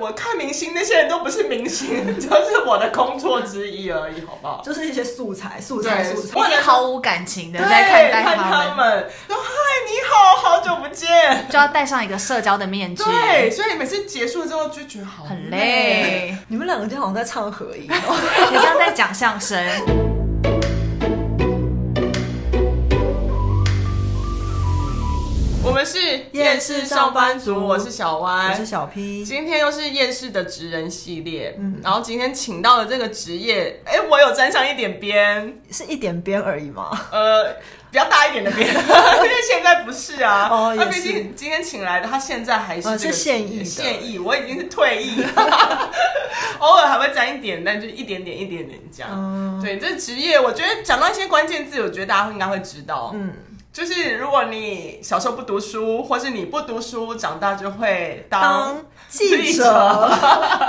我看明星那些人都不是明星， 就是我的工作之一而已，好不好？就是一些素材，素材，對素材，我能毫無感情的對在看待他們。說嗨，Hi，你好，好久不見，就要戴上一個社交的面具。對，所以每次結束之後就覺得好累很累。 你們兩個就好像在唱合音，好 像在講相聲。 我們是厭世上班族，我是小 Y，我是小 P。今天又是厭世的職人系列，嗯，然後今天請到的這個職業，哎，我有沾上一點邊，是一點邊而已嗎？呃，比較大一點的邊，因為現在不是啊，哦，畢竟。今天請來的他現在還是是現役，現役，我已經是退役，偶爾還會沾一點，但就一點點一點點這樣。對，這職業，我覺得講到一些關鍵字，我覺得大家會應該會知道，嗯。就是如果你小時候不讀書，或是你不讀書，長大就會當，當記者。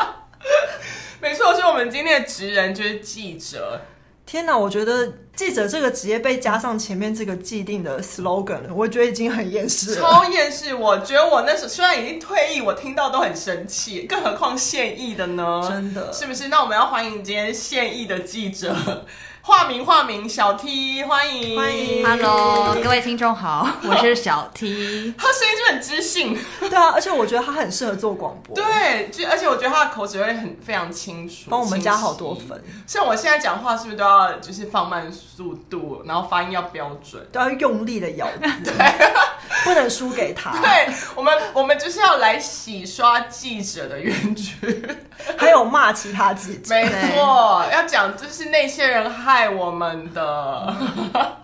沒錯，是我們今天的職人就是記者。天哪，我覺得記者這個職業被加上前面這個既定的 slogan，我覺得已經很厭世了。超厭世！我覺得我那時候雖然已經退役，我聽到都很生氣，更何況現役的呢？真的，是不是？那我們要歡迎今天現役的記者。化名，名，化名小 T，歡迎，歡迎，Hello， 各位聽眾好，我是小 T， 他聲音就很知性， 對啊，而且我覺得他很適合做廣播， 對，就而且我覺得他的口齒會很非常清楚，幫我們加好多分，像我現在講話是不是都要就是放慢速度，然後發音要標準，都要用力的咬字。 對 不能輸給他。 對，我們，我們就是要來洗刷記者的冤屈， 還有罵其他記者。 沒錯錯， 要講就是那些人害我們的。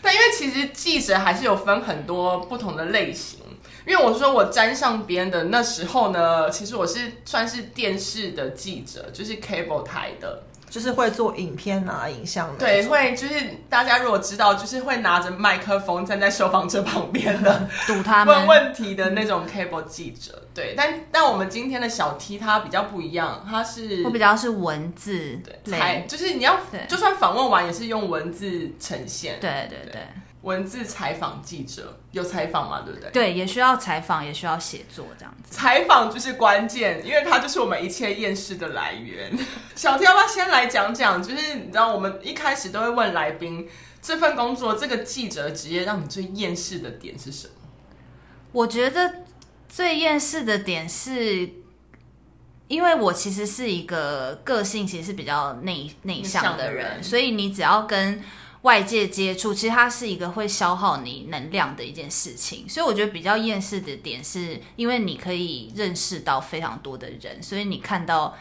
但因為其實記者還是有分很多不同的類型，因為我說我沾上邊的那時候呢，其實我是算是電視的記者，就是 cable 台的，就是會做影片啊，影像的，對，種會就是大家如果知道，就是會拿着麥克風站在受訪者旁邊的們，堵他問問題的那種 cable 記者，對，但但我們今天的小 T 他比較不一樣，他是，會比較是文字，對，才就是你要，對就算訪問完也是用文字呈現，對對對。對文字採訪記者有採訪嘛？對不對？對，也需要採訪，也需要寫作，這樣子。採訪就是關鍵，因為它就是我們一切厭世的來源。 小天，要不要先來講講？就是你知道，我們一開始都會問來賓，這份工作，這個記者職業，讓你最厭世的點是什麼？我覺得最厭世的點是因為我其實是一個個性其實是比較內內向的人，人所以你只要跟。外界接觸其實它是一個會消耗你能量的一件事情，所以我覺得比較厭世的點是因為你可以認識到非常多的人，所以你看到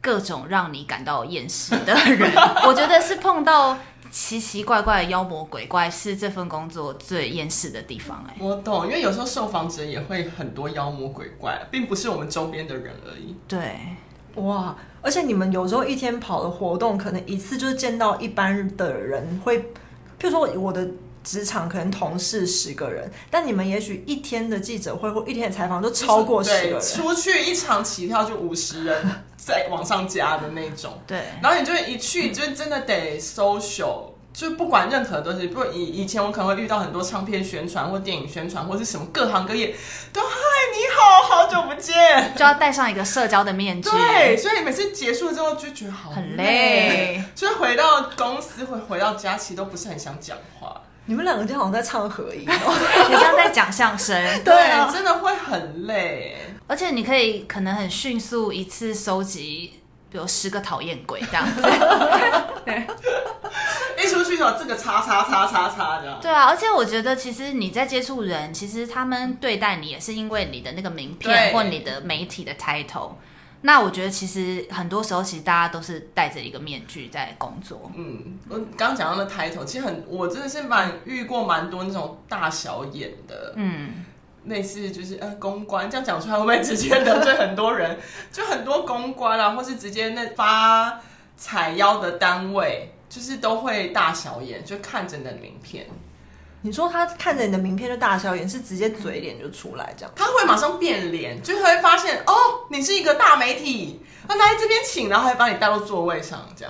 各種讓你感到厭世的人， 我覺得是碰到奇奇怪怪的妖魔鬼怪是這份工作最厭世的地方哎、欸。我懂，因為有時候受訪者也會很多妖魔鬼怪，並不是我們周邊的人而已。對。哇，而且你們有時候一天跑的活動，可能一次就是見到一般的人，會，譬如說我的職場可能同事十個人，但你們也許一天的記者會或一天的採訪都超過十個人，就是、對，出去一場起跳就五十人，再往上加的那種， 對，然後你就一去就真的得 social。就不管任何的東西，不過以前我可能會遇到很多唱片宣傳或電影宣傳或是什麼各行各業，都嗨你好，好久不見，就要戴上一個社交的面具。對，所以每次結束之後就覺得好累很累，所以回到公司或回，回到家其實都不是很想講話。你們兩個就好像在唱合音，哦，好像在講相聲。 對，對了真的會很累，而且你可以可能很迅速一次收集，有十個討厭鬼這樣子， 對 一出去就這個叉叉叉叉叉的，對啊，而且我覺得其實你在接觸人，其實他們對待你也是因為你的那個名片對 或你的媒體的 title，那我覺得其實很多時候，其實大家都是戴着一個面具在工作。嗯，我剛講到的 title，其實很，我真的是蠻遇過蠻多那種大小眼的。嗯。類似就是，呃，公關這樣講出來會不會直接得罪很多人？ 就很多公關啊，或是直接那發採邀的單位，就是都會大小眼，就看着你的名片。你說他看着你的名片就大小眼，是直接嘴臉就出來這樣？他會馬上變臉，就會發現哦，你是一個大媒體，那他在這邊請，然後還把你帶到座位上這樣。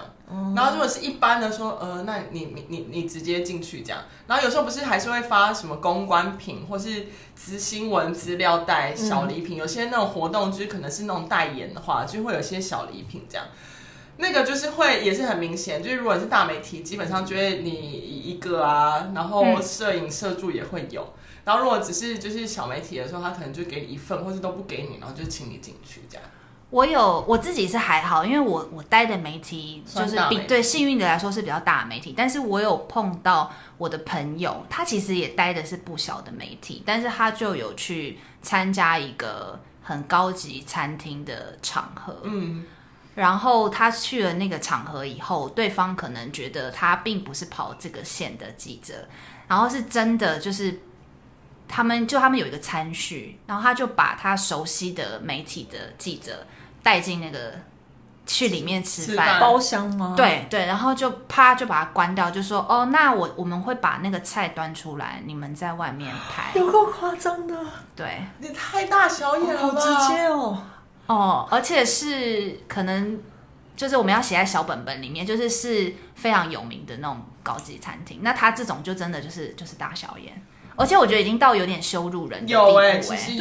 然後如果是一般的說，呃，那你你你你直接進去這樣。然後有時候不是還是會發什麼公關品或是資新聞資料袋、小禮品。嗯、有些那種活動就是可能是那種代言的話，就會有些小禮品這樣。那個就是會也是很明顯，就是如果你是大媒體，基本上就會你一個啊，然後攝影攝助也會有。嗯、然後如果只是就是小媒體的時候，他可能就給你一份，或是都不給你，然後就請你進去這樣。我有我自己是還好，因為我我待的媒體就是比對幸運的來說是比較大的媒體，但是我有碰到我的朋友，他其實也待的是不小的媒體，但是他就有去參加一個很高級餐廳的場合，嗯，然後他去了那個場合以後，對方可能覺得他並不是跑這個線的記者，然後是真的就是他們就他們有一個餐敘，然後他就把他熟悉的媒體的記者。帶進那個去裡面吃飯包廂嗎？對對，然後就啪就把它關掉，就說哦，那我我們會把那個菜端出來，你們在外面拍，有夠誇張的。對，你太大小眼了吧。哦，好直接哦哦，而且是可能就是我們要寫在小本本裡面，就是是非常有名的那種高級餐廳。那他這種就真的就是就是大小眼，而且我覺得已經到有點羞辱人的地步。對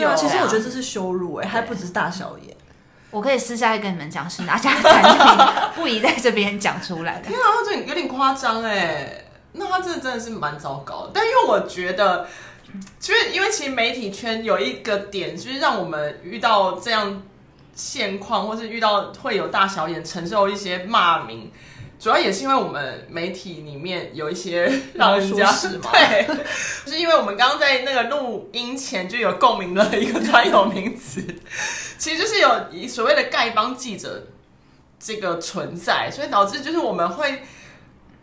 啊，其實我覺得這是羞辱哎，欸，對，還不止大小眼。我可以私下去跟你們講是哪家餐廳， 不宜在這邊講出來的。天啊，他這有點誇張欸，那他這真的真的是蠻糟糕，但因為我覺得，嗯，就是因為其實媒體圈有一個點，就是讓我們遇到這樣現況，或是遇到會有大小眼承受一些罵名。嗯主要也是因為我們媒體裡面有一些讓人家對，就是因為我們剛剛在那個錄音前就有共鳴了一個專有名詞，其實就是有所謂的“丐幫記者”這個存在，所以導致就是我們會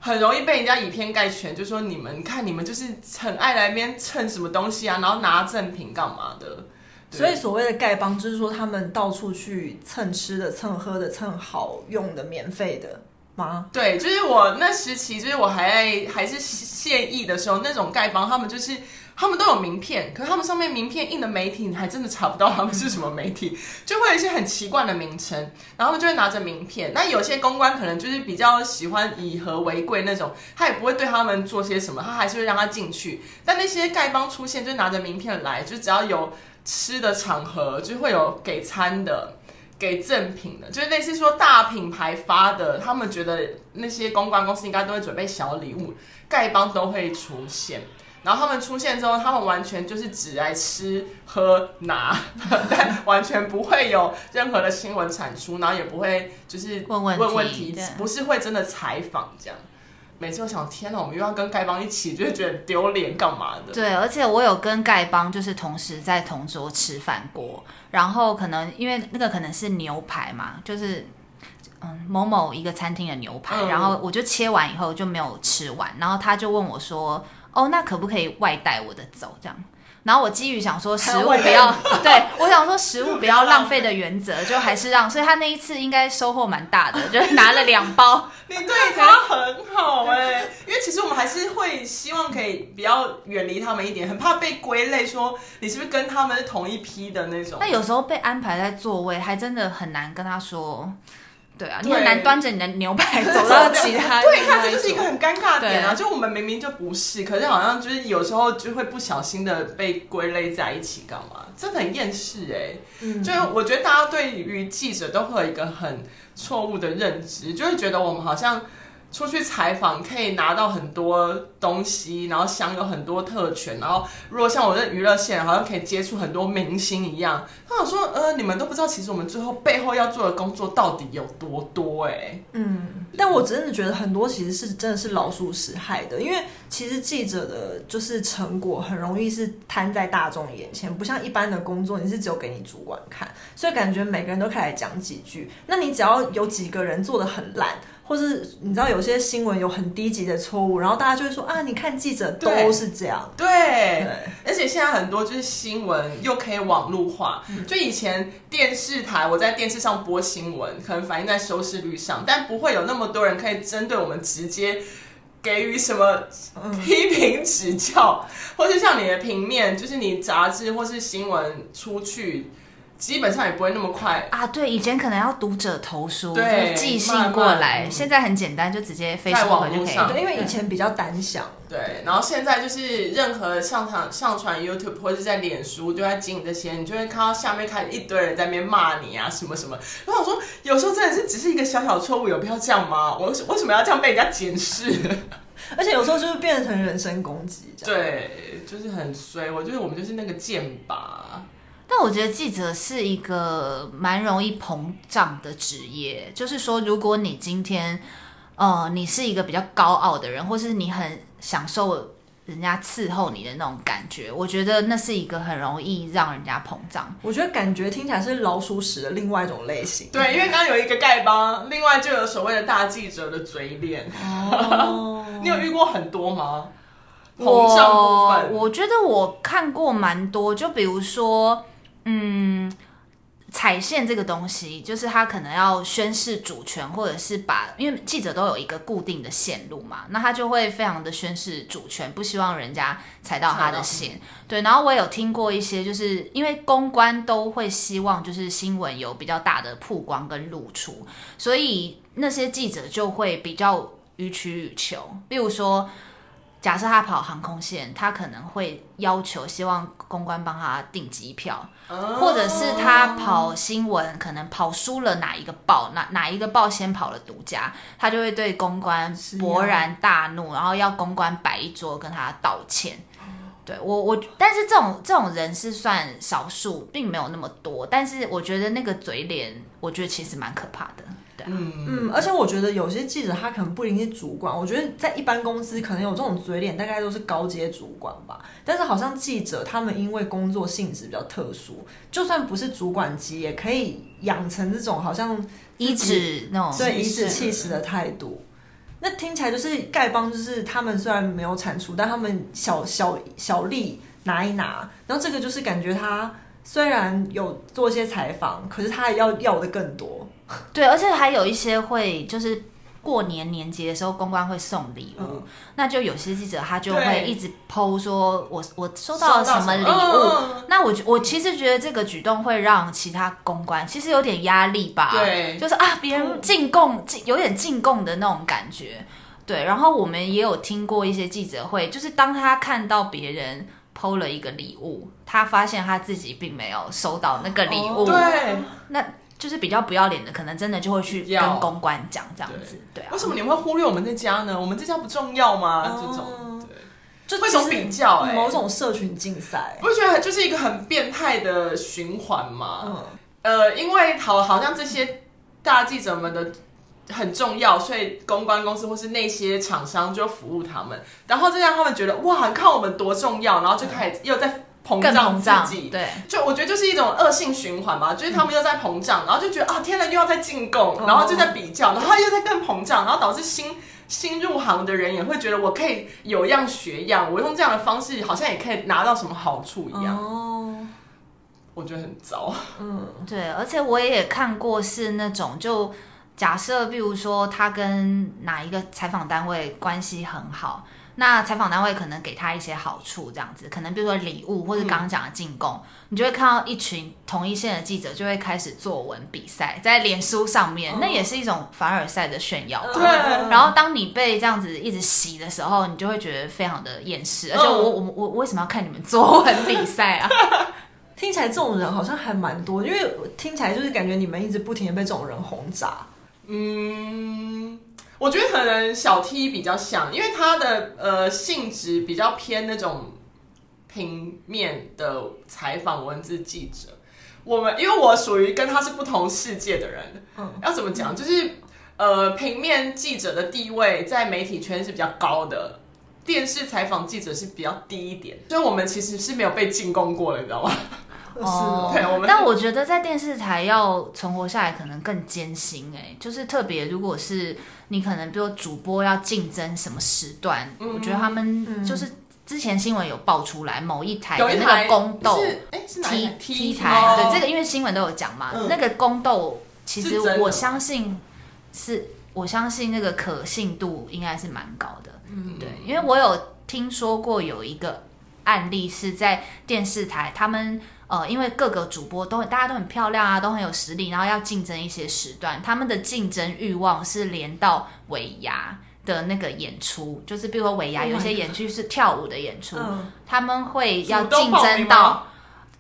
很容易被人家以偏概全，就說，你們看，你們就是很愛來邊蹭什麼東西啊，然後拿贈品幹嘛的。所以所謂的“丐幫”，就是說他們到處去蹭吃的、蹭喝的、蹭好用的、免費的。嗎對，就是我那時期，就是我還還是現役的時候，那種丐幫他們就是他們都有名片，可是他們上面名片印的媒體，你還真的查不到他們是什麼媒體，就會有一些很奇怪的名稱，然後他們就會拿着名片。那有些公關可能就是比較喜歡以和為貴那種，他也不會對他們做些什麼，他還是會讓他進去。但那些丐幫出現，就拿着名片來，就只要有吃的場合，就會有給餐的。給贈品的，就是類似說大品牌發的，他們覺得那些公關公司應該都會準備小禮物，丐幫都會出現。然後他們出現之後，他們完全就是只來吃喝拿， 但完全不會有任何的新聞產出，然後也不會就是問問題，問問題不是會真的採訪這樣。每次我想，天哪，我們又要跟丐幫一起，就會覺得很丟臉，幹嘛的？對，而且我有跟丐幫就是同時在同桌吃飯過，然後可能因為那個可能是牛排嘛，就是嗯某某一個餐廳的牛排，嗯、然後我就切完以後就沒有吃完，然後他就問我說：“哦，那可不可以外帶我的走？”這樣。然後我基於想說食物不要，對我想說食物不要浪費的原則，就還是讓，所以他那一次應該收穫蠻大的，就是拿了兩包。 你對他很好哎、欸，因為其實我們還是會希望可以比較遠離他們一點，很怕被歸類說你是不是跟他們是同一批的那種。 欸、那種，但有時候被安排在座位，還真的很難跟他說。對啊，你很難端着你的牛排走到其他 對，他就是一個很尷尬的點啊。啊就我們明明就不是，可是好像就是有時候就會不小心的被歸類在一起，幹嘛？真的很厭世哎、欸。嗯、就是我覺得大家對於記者都會有一個很錯誤的認知，就是覺得我們好像。出去採訪可以拿到很多東西，然後享有很多特權，然後如果像我在娛樂線，好像可以接觸很多明星一樣。他想說，呃，你們都不知道，其實我們最後背後要做的工作到底有多多。誒、欸、嗯，但我真的覺得很多其實是真的是老鼠屎害的，因為其實記者的就是成果很容易是攤在大眾眼前，不像一般的工作，你是只有給你主管看，所以感覺每個人都可以來講幾句。那你只要有幾個人做的很爛。或是你知道有些新聞有很低級的錯誤，然後大家就會說啊，你看記者都是這樣。對，對對，而且現在很多就是新聞又可以網絡化，嗯、就以前電視台，我在電視上播新聞，可能反映在收視率上，但不會有那麼多人可以針對我們直接給予什麼批評指教，嗯、或是像你的平面，就是你雜誌或是新聞出去。基本上也不會那麼快啊。對，以前可能要讀者投書、對寄信過來，慢慢嗯、現在很簡單，就直接飛上。在網路上。對，因為以前比較膽小。對，對，然後現在就是任何上傳、上傳 YouTube 或者是在臉書，就在經營這些，你就會看到下面開始一堆人在那邊罵你啊，什麼什麼。然後我說，有時候真的是只是一個小小錯誤，有必要這樣嗎？我，我為什麼要這樣被人家檢視？而且有時候就是變成人身攻擊，這樣。對，就是很衰。我覺得我們就是那個劍拔。但我覺得記者是一個蠻容易膨脹的職業，就是說，如果你今天，呃，你是一個比較高傲的人，或是你很享受人家伺候你的那種感覺，我覺得那是一個很容易讓人家膨脹。我覺得感覺聽起來是老鼠屎的另外一種類型。對，因為剛剛有一個丐幫，另外就有所謂的大記者的嘴臉。哦，oh, 你有遇過很多嗎？膨脹部分我，我覺得我看過蠻多，就比如說。嗯，踩線這個東西，就是他可能要宣示主權，或者是把，因為記者都有一個固定的線路嘛，那他就會非常的宣示主權，不希望人家踩到他的線。的對，然後我有聽過一些，就是因為公關都會希望就是新聞有比較大的曝光跟露出，所以那些記者就會比較予取予求，例如說，假設他跑航空線，他可能會要求希望公關幫他訂機票，或者是他跑新聞，可能跑輸了哪一個報，哪哪一個報先跑了獨家，他就會對公關勃然大怒，啊、然後要公關擺一桌跟他道歉。對我我，但是這種這種人是算少數，並沒有那麼多。但是我覺得那個嘴臉，我覺得其實蠻可怕的。嗯嗯，嗯，而且我覺得有些記者他可能不一定是主管，嗯，我覺得在一般公司可能有這種嘴臉，大概都是高階主管吧。但是好像記者他們因為工作性質比較特殊，就算不是主管級，也可以養成這種好像頤指那種對，頤指氣使的態度。的那聽起來就是丐幫，就是他們雖然沒有產出，但他們小小小利拿一拿。然後這個就是感覺他雖然有做一些採訪，可是他也要要的更多。對，而且還有一些會就是過年年節的時候，公關會送禮物，嗯、那就有些記者他就會一直 po 說我，我對我收到了什麼禮物，哦、那我我其實覺得這個舉動會讓其他公關其實有點壓力吧，對，就是啊，別人進貢進、嗯、有點進貢的那種感覺，對。然後我們也有聽過一些記者會，就是當他看到別人 po 了一個禮物，他發現他自己並沒有收到那個禮物，哦、對，那。就是比較不要臉的，可能真的就會去跟公關講這樣子，對，對啊。為什麼你會忽略我們這家呢？我們這家不重要嗎？啊、這種，就這種比較、欸，某種社群競賽，不是覺得就是一個很變態的循環嗎？嗯、呃，因為好，好像這些大記者們的很重要，所以公關公司或是那些廠商就服務他們，然後這讓他們覺得哇，看我們多重要，然後就開始又在。膨脹自己，對，就我覺得就是一種惡性循環嘛，就是他們又在膨脹，嗯、然後就覺得啊，天哪，又要在進貢，然後就在比較，哦、然後又在更膨脹，對然後導致新新入行的人也會覺得我可以有樣學樣，對我用這樣的方式好像也可以拿到什麼好處一樣。哦，我覺得很糟。嗯，對，而且我也看過是那種，就假設比如說他跟哪一個採訪單位關係很好。那採訪單位可能給他一些好處，這樣子，可能比如說禮物，或是剛剛講的進貢，嗯、你就會看到一群同一線的記者就會開始作文比賽，在臉書上面，嗯、那也是一種凡爾賽的炫耀吧。對、嗯。然後，當你被這樣子一直洗的時候，你就會覺得非常的厭世。嗯、而且我，我我我為什麼要看你們作文比賽啊？聽起來這種人好像還蠻多，因為聽起來就是感覺你們一直不停的被這種人轟炸。嗯。我覺得可能小 T 比較像，因為他的呃性質比較偏那種平面的採訪文字記者。我們因為我屬於跟他是不同世界的人，要怎麼講？就是呃平面記者的地位在媒體圈是比較高的，電視採訪記者是比較低一點。所以我們其實是沒有被進攻過的，你知道嗎？哦，我但我覺得在電視台要存活下來可能更艱辛哎、欸，就是特別如果是你可能，比如主播要競爭什麼時段，嗯、我覺得他們就是之前新聞有爆出來某一台的那個宮鬥、欸，是是 T, T T 台對這個，因為新聞都有講嘛，嗯、那個宮鬥其實我相信是，是我相信那個可信度應該是蠻高的，嗯，對，因為我有聽說過有一個案例是在電視台他們。呃，因為各個主播都大家都很漂亮啊，都很有實力，然後要競爭一些時段，他們的競爭欲望是連到尾牙的那個演出，就是比如說尾牙有一些演出是跳舞的演出，Oh my God. 他們會要競爭到，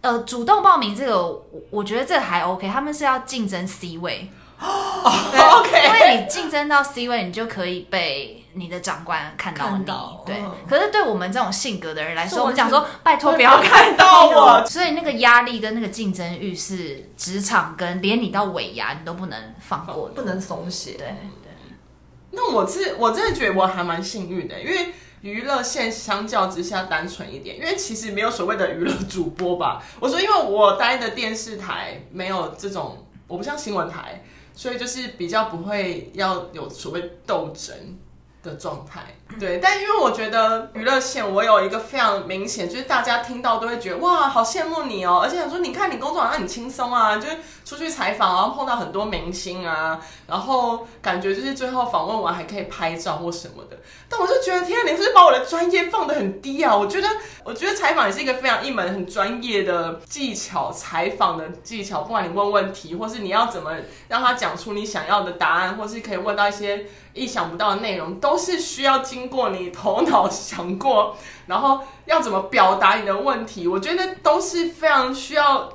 呃，主動報名這個，我我覺得這個還 OK，他們是要競爭 C 位。哦、oh，OK，因為你競爭到 C 位，你就可以被你的長官看到你。到了。對，可是對我們這種性格的人來說，是我，是我們想說，拜托不要看到我。所以那個壓力跟那個競爭欲是職場跟連你到尾牙你都不能放過的，oh, 不能鬆懈。對對。對那我是我真的覺得我還蠻幸運的，因為娛樂線相較之下單純一點，因為其實沒有所謂的娛樂主播吧。我說，因為我待的電視台沒有這種，我不像新聞台。所以就是比較不會要有所謂鬥爭的狀態。對，但因為我覺得娛樂線，我有一個非常明顯，就是大家聽到都會覺得哇，好羨慕你哦，而且想說，你看你工作好像很輕鬆啊，就是出去採訪，然後碰到很多明星啊，然後感覺就是最後訪問完還可以拍照或什麼的。但我就覺得，天哪，你是不是把我的專業放得很低啊？我覺得，我覺得採訪也是一個非常一門很專業的技巧，採訪的技巧，不管你問問題，或是你要怎麼讓他講出你想要的答案，或是可以問到一些。意想不到的內容，都是需要經過你頭腦想過，然後要怎麼表達你的問題，我覺得都是非常需要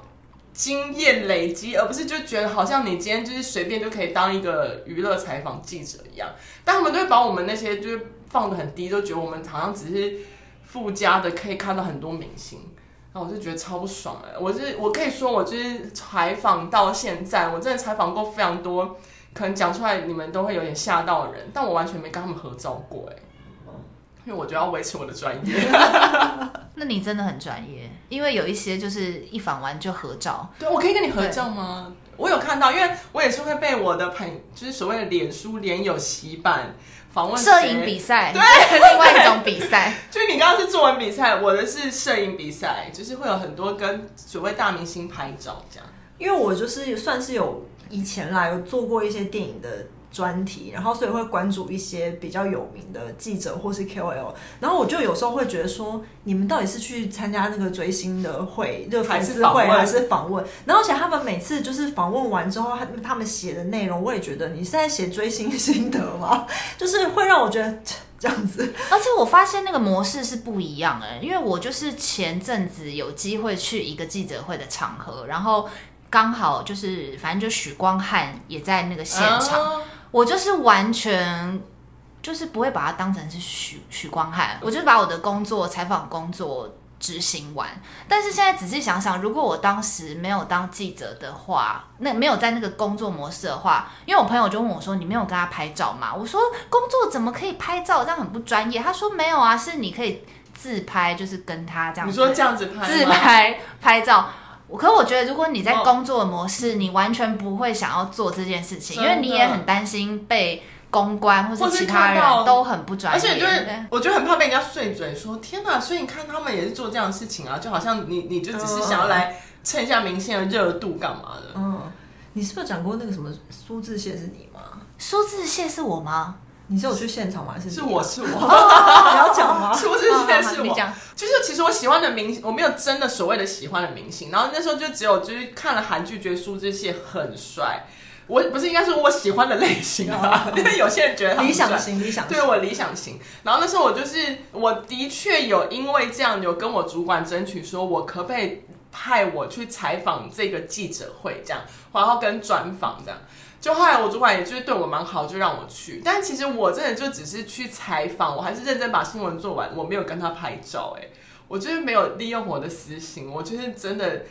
經驗累積，而不是就覺得好像你今天就是隨便就可以當一個娛樂採訪記者一樣。但他們都會把我們那些就是放得很低，都覺得我們好像只是附加的，可以看到很多明星。然後我就覺得超不爽了、欸。我是我可以說，我就是採訪到現在，我真的採訪過非常多。可能講出來你們都會有點嚇到人，但我完全沒跟他們合照過哎、欸，因為我就要維持我的專業。 那你真的很專業，因為有一些就是一訪完就合照。對、啊哦、我可以跟你合照嗎？對我有看到，因為我也是會被我的朋，就是所謂的臉書臉友洗版訪問攝影比賽，對，對另外一種比賽。就你剛剛是作文比賽，我的是攝影比賽，就是會有很多跟所謂大明星拍照這樣。因為我就是算是有。以前啦有做過一些電影的專題，然後所以會關注一些比較有名的記者或是 KOL，然後我就有時候會覺得說，你們到底是去參加那個追星的會，就粉絲會還是訪問？然後而且他們每次就是訪問完之後，他他們寫的內容，我也覺得你是在寫追星心得嗎？就是會讓我覺得這樣子。而且我發現那個模式是不一樣的，欸，因為我就是前陣子有機會去一個記者會的場合，然後。剛好就是，反正就許光漢也在那個現場，啊、我就是完全就是不會把他當成是許許光漢，我就把我的工作採訪工作執行完。但是現在仔細想想，如果我當時沒有當記者的話，那沒有在那個工作模式的話，因為我朋友就問我說：“你沒有跟他拍照嗎？”我說：“工作怎麼可以拍照？這樣很不專業。”他說：“沒有啊，是你可以自拍，就是跟他這樣子。”你說這樣子拍自拍拍照。可我覺得，如果你在工作的模式，哦、你完全不會想要做這件事情，的因為你也很擔心被公關或者其他人都很不專業。而且就，對我就很怕被人家碎嘴說“天哪”，所以你看他們也是做這樣的事情啊，就好像你，你就只是想要來蹭一下明星的熱度幹嘛的。嗯，你是不是講過那個什麼蘇志燮是你嗎？蘇志燮是我嗎？你是有去現場嗎？是、啊？是是我是我、哦，哦、你要講嗎？是，不是現在是我、哦，哦嗯嗯嗯、講就是其實我喜歡的明星，我沒有真的所謂的喜歡的明星。然後那時候就只有就是看了韓劇，覺得蘇志燮很帥。我不是應該是我喜歡的類型啊，因為、哦哦、 有些人覺得很理想型，理想型對我理想型。然後那時候我就是我的確有因為這樣有跟我主管爭取，說我可不可以派我去採訪這個記者會這樣，然後跟專訪這樣。就後來我主管也就是對我蠻好，就讓我去。但其實我真的就只是去採訪，我還是認真把新聞做完。我沒有跟他拍照、欸，哎，我就是沒有利用我的私心。我就是真的，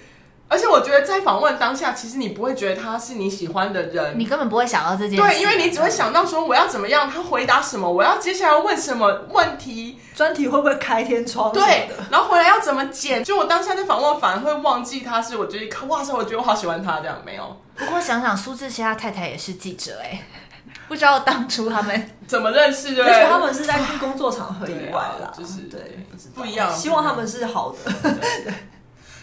而且我覺得在訪問當下，其實你不會覺得他是你喜歡的人，你根本不會想到這件事。對，因為你只會想到說我要怎麼樣，他回答什麼，我要接下來問什麼問題，專題會不會開天窗的？對。然後回來要怎麼剪？就我當下的訪問反而會忘記他是，我覺得、我就是、哇塞，我覺得我好喜歡他這樣，沒有。不過想想蘇志燮他太太也是記者哎、欸，不知道當初他們怎麼認識的？而且他們是在工作場合以外啦，啊、就是對，對不，不一樣。希望他們是好的。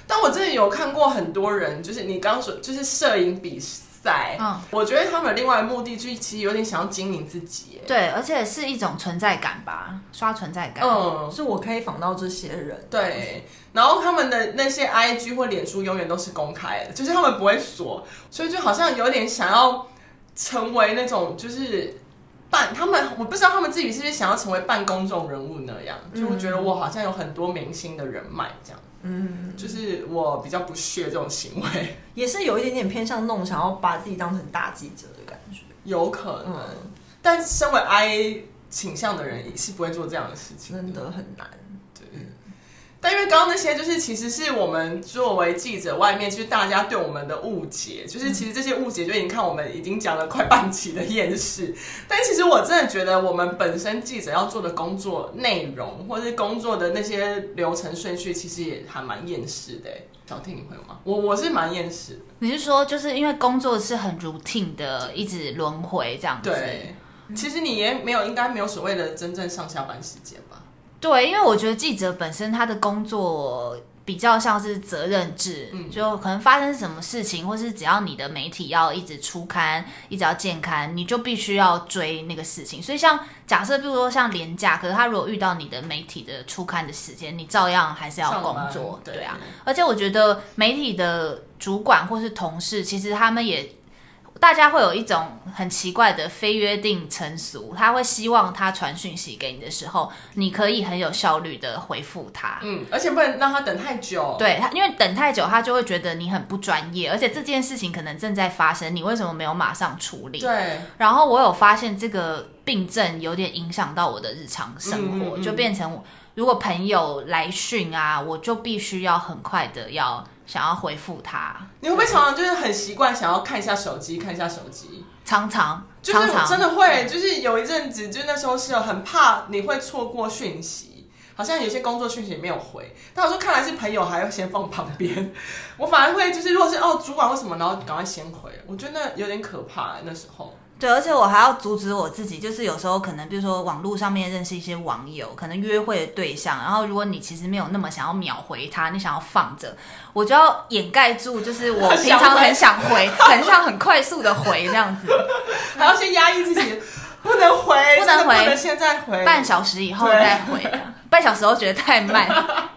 但我真的有看過很多人，就是你剛說，就是攝影比。在，嗯，我覺得他們另外的目的就其實有點想要經營自己、欸，對，而且是一種存在感吧，刷存在感，嗯，是我可以訪到這些人，對，然後他們的那些 IG 或臉書永遠都是公開的，就是他們不會鎖，所以就好像有點想要成為那種就是半他們，我不知道他們自己是不是想要成為半公眾人物那樣，嗯、就我覺得我好像有很多明星的人脈這樣。嗯，就是我比較不屑這種行為，也是有一點點偏向弄，想要把自己當成大記者的感覺，有可能。嗯，但身為 I 傾向的人，是不會做這樣的事情的，真的很難。但因為剛剛那些就是，其實是我們作為記者，外面就是大家對我們的誤解，就是其實這些誤解就已經看我們已經講了快半集的厭世。但其實我真的覺得，我們本身記者要做的工作內容，或是工作的那些流程順序，其實也還蠻厭世的、欸。小 T，你會嗎？我我是蠻厭世。你是說，就是因為工作是很 routine 的，一直輪回這樣子？對。其實你也沒有，應該沒有所謂的真正上下班時間吧？對，因為我覺得記者本身他的工作比較像是責任制，嗯、就可能發生什麼事情，或是只要你的媒體要一直出刊，一直要見刊，你就必須要追那個事情。所以像假設，比如說像連假，可是他如果遇到你的媒體的出刊的時間，你照樣還是要工作，對，對啊。而且我覺得媒體的主管或是同事，其實他們也。大家會有一種很奇怪的非約定成俗，他會希望他傳訊息給你的時候，你可以很有效率的回復他。嗯，而且不能讓他等太久。對，因為等太久他就會覺得你很不專業，而且這件事情可能正在發生，你為什麼沒有馬上處理？對。然後我有發現這個病症有點影響到我的日常生活，嗯嗯嗯。就變成如果朋友來訊啊，我就必須要很快的要。想要回復他，你會不會常常就是很習慣想要看一下手機，對看一下手機，常常常，就是真的會，常常就是有一陣子，就那時候是很怕你會錯過訊息，好像有些工作訊息沒有回，但我說看來是朋友，還要先放旁邊，我反而會就是如果是哦主管或什麼，然後趕快先回，我覺得那有點可怕那時候。對，而且我還要阻止我自己，就是有時候可能，比如說網絡上面認識一些網友，可能約會的對象，然後如果你其實沒有那麼想要秒回他，你想要放着，我就要掩蓋住，就是我平常很想回，很想，很像很快速的回這樣子，還要先壓抑自己，不能回，不能回，不能現在回，半小時以後再回，對半小時後覺得太慢了。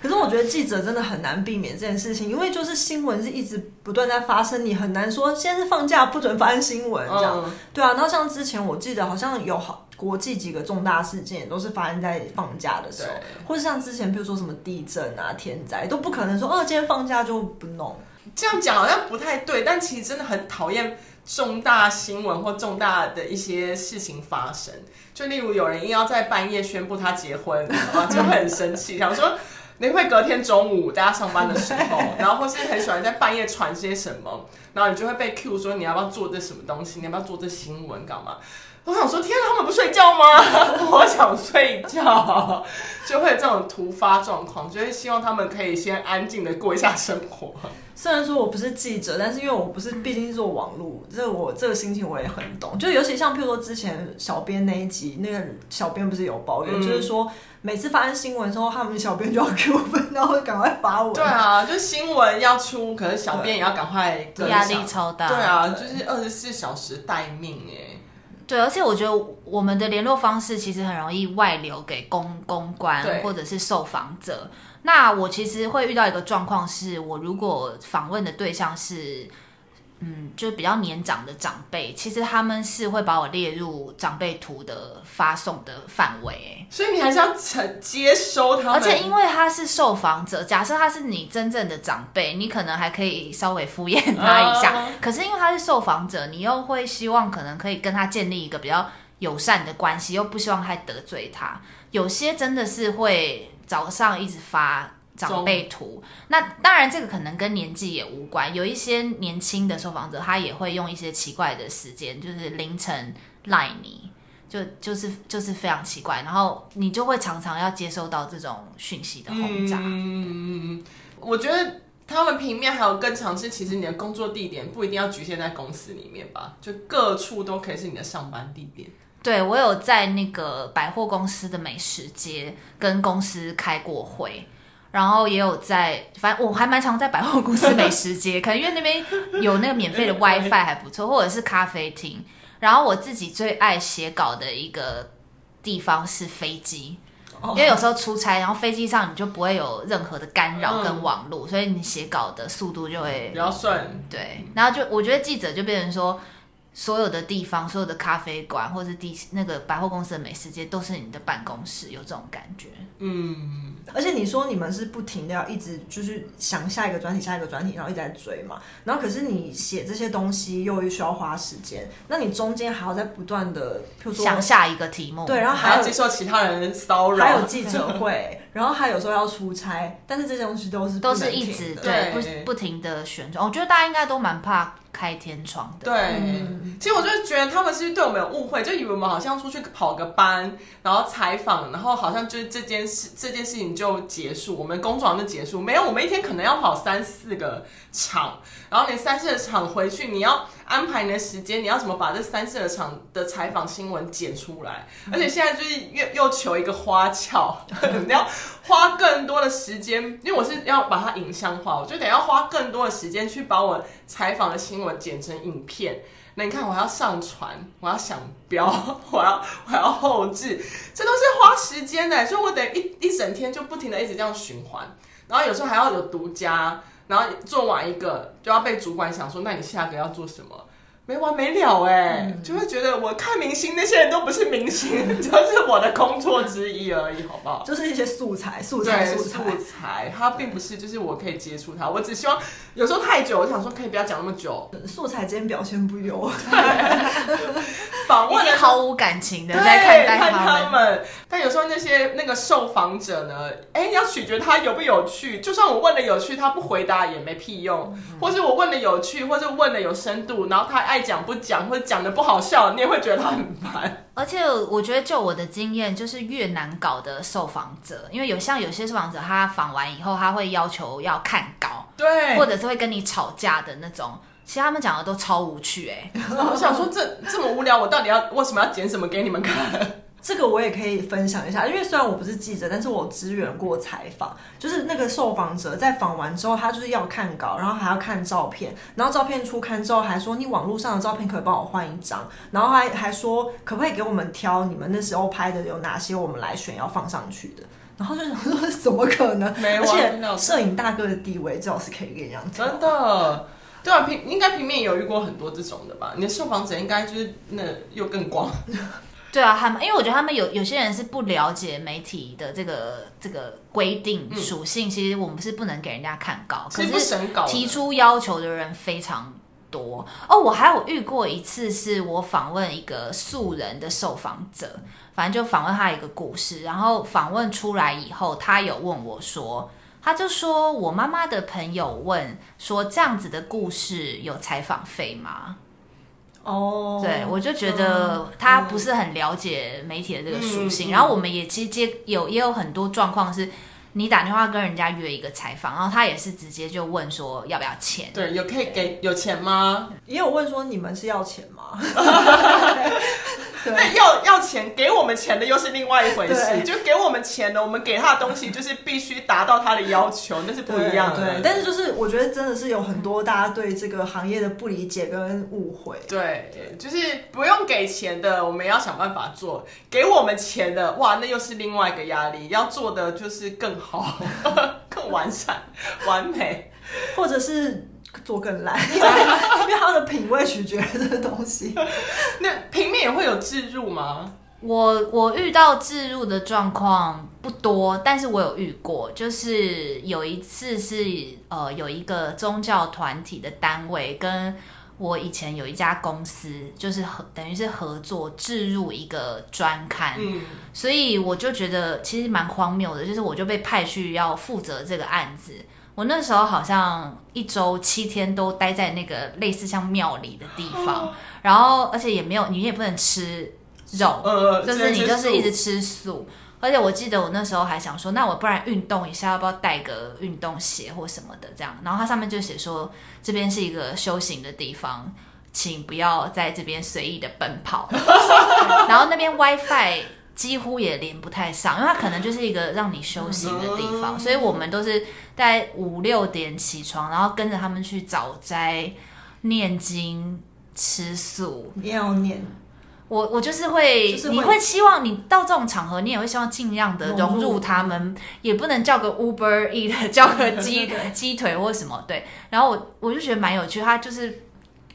可是我覺得記者真的很難避免這件事情，因為就是新聞是一直不斷在發生，你很難說現在是放假不准翻新聞這樣。嗯、對啊，那像之前我記得好像有好國際幾個重大事件都是發生在放假的時候，對或是像之前比如說什麼地震啊、天災都不可能說哦、啊，今天放假就不弄。這樣講好像不太對，但其實真的很討厭重大新聞或重大的一些事情發生，就例如有人硬要在半夜宣布他結婚，啊，就很生氣，想說。你會隔天中午大家上班的時候，對然後或是很喜歡在半夜傳些什麼，然後你就會被 Q 說，你要不要做這什麼東西？你要不要做這新聞幹嘛？我想說天啊，他們不睡覺嗎？ 我想睡覺，就會有這種突發狀況，就是希望他們可以先安靜的過一下生活。雖然說我不是記者，但是因為我不是，畢竟是做網絡，這個、我這個心情我也很懂。就尤其像譬如說之前小編那一集，那個小編不是有抱怨，就是說每次發生新聞之後，他們小編就要給我分，然後趕快發文。對啊， 就新聞要出，可是小編也要趕快，壓對力超大。對啊，就是二十四小時待命哎、欸。對，而且我覺得我們的聯絡方式其實很容易外流給公公關對或者是受訪者。那我其實會遇到一個狀況，是我如果訪問的對象是，嗯，就是比較年長的長輩，其實他們是會把我列入長輩圖的發送的範圍，所以你還是要承接收他們。而且因為他是受訪者，假設他是你真正的長輩，你可能還可以稍微敷衍他一下。Uh. 可是因為他是受訪者，你又會希望可能可以跟他建立一個比較友善的關係，又不希望太得罪他。有些真的是會。早上一直發長輩圖，中那當然這個可能跟年紀也無關，有一些年輕的受訪者他也會用一些奇怪的時間，就是凌晨賴你，就就是就是非常奇怪，然後你就會常常要接收到這種訊息的轟炸。嗯、對我覺得他們平面還有更長是，其實你的工作地點不一定要局限在公司裡面吧，就各處都可以是你的上班地點。對，我有在那個百貨公司的美食街跟公司開過會，然後也有在，反正我還蠻常在百貨公司美食街， 可能因為那邊有那個免費的 WiFi 還不錯，或者是咖啡廳。然後我自己最愛寫稿的一個地方是飛機，因為有時候出差，然後飛機上你就不會有任何的干擾跟網絡，所以你寫稿的速度就會比較順。對，然後就我覺得記者就變成說。所有的地方，所有的咖啡館，或是第那個百貨公司的美食街，都是你的辦公室，有這種感覺。嗯，而且你說你們是不停的，要一直就是想下一個專題，下一個專題，然後一直在追嘛。然後可是你寫這些東西又需要花時間，那你中間還要在不斷的想下一個題目。對，然後還，還要接受其他人騷擾，還有記者會， 然後還有時候要出差。但是這些東西都是都是一直對不對對不停的旋轉。我覺得大家應該都蠻怕。開天窗。對，嗯、其實我就覺得他們是對我們有誤會，就以為我們好像出去跑個班，然後採訪，然後好像就是這件事，這件事情就結束，我們工作好像就結束。沒有，我們一天可能要跑三四個場，然後連三四個場回去，你要。安排你的時間，你要怎麼把這三四個場的採訪新聞剪出來？嗯、而且現在就是又又求一個花俏， 你要花更多的時間，因為我是要把它影像化，我就得要花更多的時間去把我採訪的新聞剪成影片。那你看，我還要上傳，我要想標，我要我要後製，這都是花時間的、欸，所以我得一一整天就不停的一直這樣循環，然後有時候還要有獨家。然後做完一個，就要被主管想說，那你下個要做什麼？沒完沒了哎，就會覺得我看明星那些人都不是明星， 就是我的工作之一而已，好不好？就是一些素材，素材，素材。素材他並不是，就是我可以接觸他，我只希望有時候太久，我想說可以不要講那麼久。素材今天表現不優，對 訪問毫無感情的對來看看他們。但有時候那些那個受訪者呢？哎、欸，你要取決他有不有趣。就算我問的有趣，他不回答也沒屁用。或是我問的有趣，或是問的有深度，然後他愛講不講，或者講的不好笑，你也會覺得他很煩。而且我覺得，就我的經驗，就是越難搞的受訪者，因為有像有些受訪者，他訪完以後他會要求要看稿，對，或者是會跟你吵架的那種。其實他們講的都超無趣、欸，哎， 我想說這這麼無聊，我到底要為什麼要剪什麼給你們看？這個我也可以分享一下，因為雖然我不是記者，但是我支援過採訪。就是那個受訪者在訪完之後，他就是要看稿，然後還要看照片，然後照片出刊之後還說：“你網絡上的照片可，可以幫我換一張。”然後還還說：“可不可以給我們挑你們那時候拍的有哪些，我們來選要放上去的？”然後就想說：“怎麼可能？沒完。而且攝影大哥的地位，這種是可以這樣子。”真的，對啊，平應該平面也有遇過很多這種的吧？你的受訪者應該就是那又更光。 對啊，他們因為我覺得他們有有些人是不了解媒體的這個這個規定屬性，嗯、其實我們是不能給人家看稿，可是提出要求的人非常多。哦，我還有遇過一次，是我訪問一個素人的受訪者，反正就訪問他一個故事，然後訪問出來以後，他有問我說，他就說我媽媽的朋友問說，這樣子的故事有採訪費嗎？哦，oh, 對，我就覺得他不是很了解媒體的這個屬性，對然後我們也接接有也有很多狀況是。你打電話跟人家約一個採訪，然後他也是直接就問說要不要錢？對，有可以給有錢嗎？也有問說你們是要錢嗎？ 對，那要要錢給我們錢的又是另外一回事，對就是給我們錢的，我們給他的東西就是必須達到他的要求， 那是不一樣的，對對。但是就是我覺得真的是有很多大家對這個行業的不理解跟誤會。對，就是不用給錢的，我們要想辦法做；給我們錢的，哇，那又是另外一個壓力，要做的就是更好。好，更完善、完美， 或者是做更爛，因為他的品味取決於這個東西。 那平面也會有置入嗎？我我遇到置入的狀況不多，但是我有遇過，就是有一次是呃有一個宗教團體的單位跟。我以前有一家公司，就是等於是合作置入一個專刊，嗯、所以我就覺得其實蠻荒謬的，就是我就被派去要負責這個案子。我那時候好像一周七天都待在那個類似像廟裡的地方，啊、然後而且也沒有你也不能吃肉，呃、就是你就是一直吃素。而且我記得我那時候還想說，那我不然運動一下，要不要帶個運動鞋或什麼的這樣？然後它上面就寫說，這邊是一個修行的地方，請不要在這邊隨意的奔跑。 然後那邊 WiFi 幾乎也連不太上，因為它可能就是一個讓你修行的地方，嗯。所以我們都是在五六點起床，然後跟着他們去早齋、念經、吃素，要念。我我就是會，就是會你會希望你到這種場合，你也會希望盡量的融入他們，哦哦、也不能叫個 Uber Eat 叫個雞、嗯、雞腿或什麼。對，然後我我就覺得蠻有趣，他就是